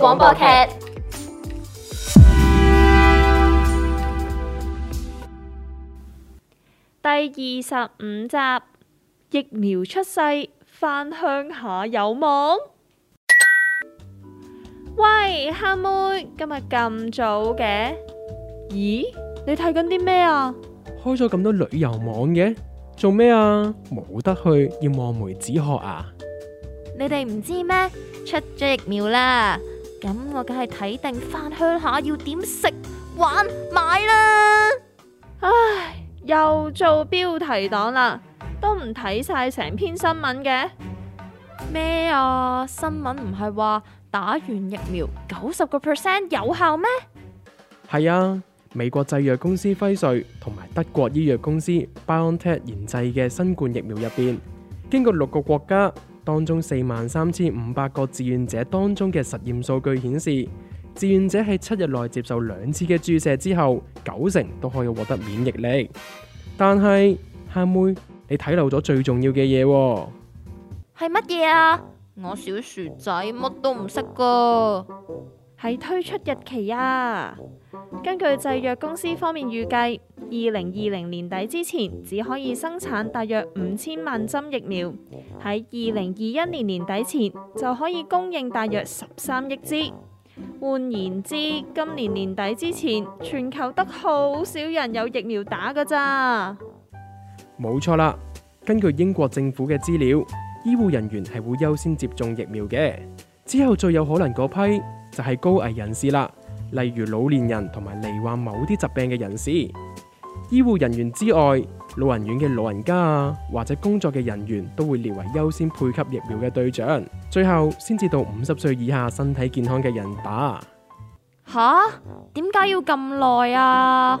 廣播，劇，廣播劇第二十五集，疫苗出世，返鄉下有望。喂，夏妹，今日咁早嘅？咦，你睇緊啲咩啊？開咗咁多旅遊網嘅，做咩啊？冇得去，要望梅止渴啊？你哋唔知咩？出咗疫苗啦！咁我梗係睇定翻鄉下要點食、玩、買啦！唉，又做標題黨啦，都唔睇晒成篇新聞嘅咩啊？新聞唔係話打完疫苗九十個 percent 有效咩？係啊，美國製藥公司輝瑞同埋德國醫藥公司 BioNTech 研製嘅新冠疫苗入邊，經過六個國家。當中四萬三千五百個志願者當中嘅實驗數據顯示，志願者喺七日內接受兩次嘅注射之後，九成都可以獲得免疫力。但係，蝦妹，你睇漏咗最重要嘅嘢，係乜嘢啊？我小薯仔乜都唔識噶。喺推出日期啊！根據製藥公司方面預計，二零二零年底之前只可以生產大約五千萬針疫苗，喺二零二一年年底前就可以供應大約十三億支。換言之，今年年底之前，全球得好少人有疫苗打㗎咋？冇錯啦！根據英國政府嘅資料，醫護人員係會優先接種疫苗嘅。之後最有可能嗰批就係高危人士啦，例如老年人同埋罹患某啲疾病嘅人士。醫護人員之外，老人院嘅老人家啊，或者工作嘅人員都會列為優先配給疫苗嘅對象。最後先至到五十歲以下身體健康嘅人打。吓？點解要咁耐啊？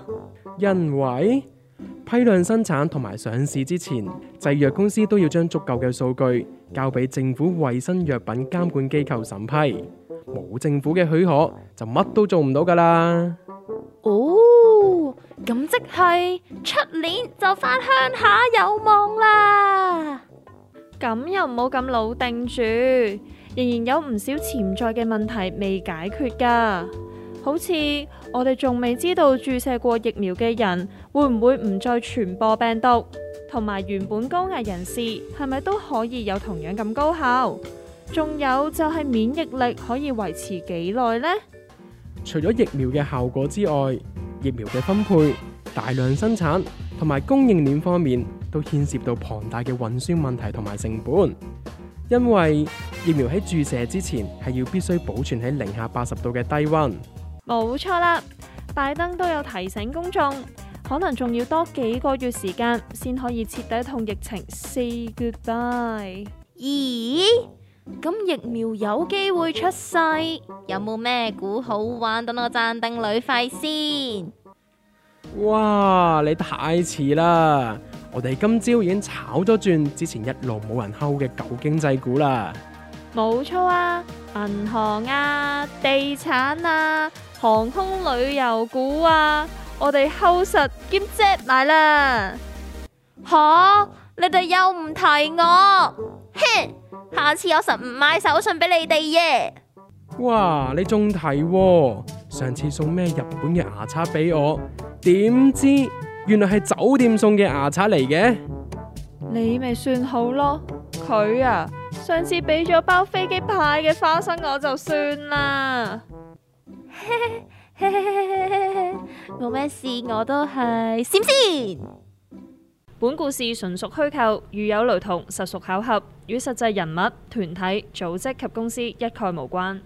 因為批量生產同埋上市之前，製藥公司都要將足夠嘅數據交俾政府衛生藥品監管機構審批，冇政府嘅許可就乜都做唔到噶啦。哦，咁即係出年就返鄉下有望啦。咁又唔好咁老定住，仍然有唔少潛在嘅問題未解決噶。好似我哋仲未知道注射過疫苗嘅人會唔會唔再傳播病毒，同埋原本高危人士係咪都可以有同樣咁高效？仲有就係免疫力可以維持幾耐咧？除咗疫苗嘅效果之外，疫苗嘅分配、大量生產同埋供應鏈方面都牽涉到龐大嘅運輸問題同埋成本，因為疫苗喺注射之前係要必須保存喺零下八十度嘅低溫。冇錯啦，拜登都有提醒公眾，可能仲要多幾個月時間先可以徹底同疫情 say goodbye。咦？咁疫苗有機會出世，有冇咩股好玩？等我暫定旅費先。哇！你太遲啦，我哋今朝已經炒咗轉之前一路冇人吼嘅舊經濟股啦。冇錯啊，銀行啊，地產啊。航空旅遊股啊，我哋厚實兼積埋啦。吓、啊，你哋又唔提我，哼！下次我實唔買手信俾你哋耶。哇，你仲提、啊？上次送咩日本嘅牙刷俾我，點知原來係酒店送嘅牙刷嚟嘅。你咪算好咯，佢啊，上次俾咗包飛機派嘅花生我就算啦。冇 咩事，我都係閃先。本故事純屬虛構，如有雷同，實屬巧合，與實際人物、團體、組織及公司一概無關。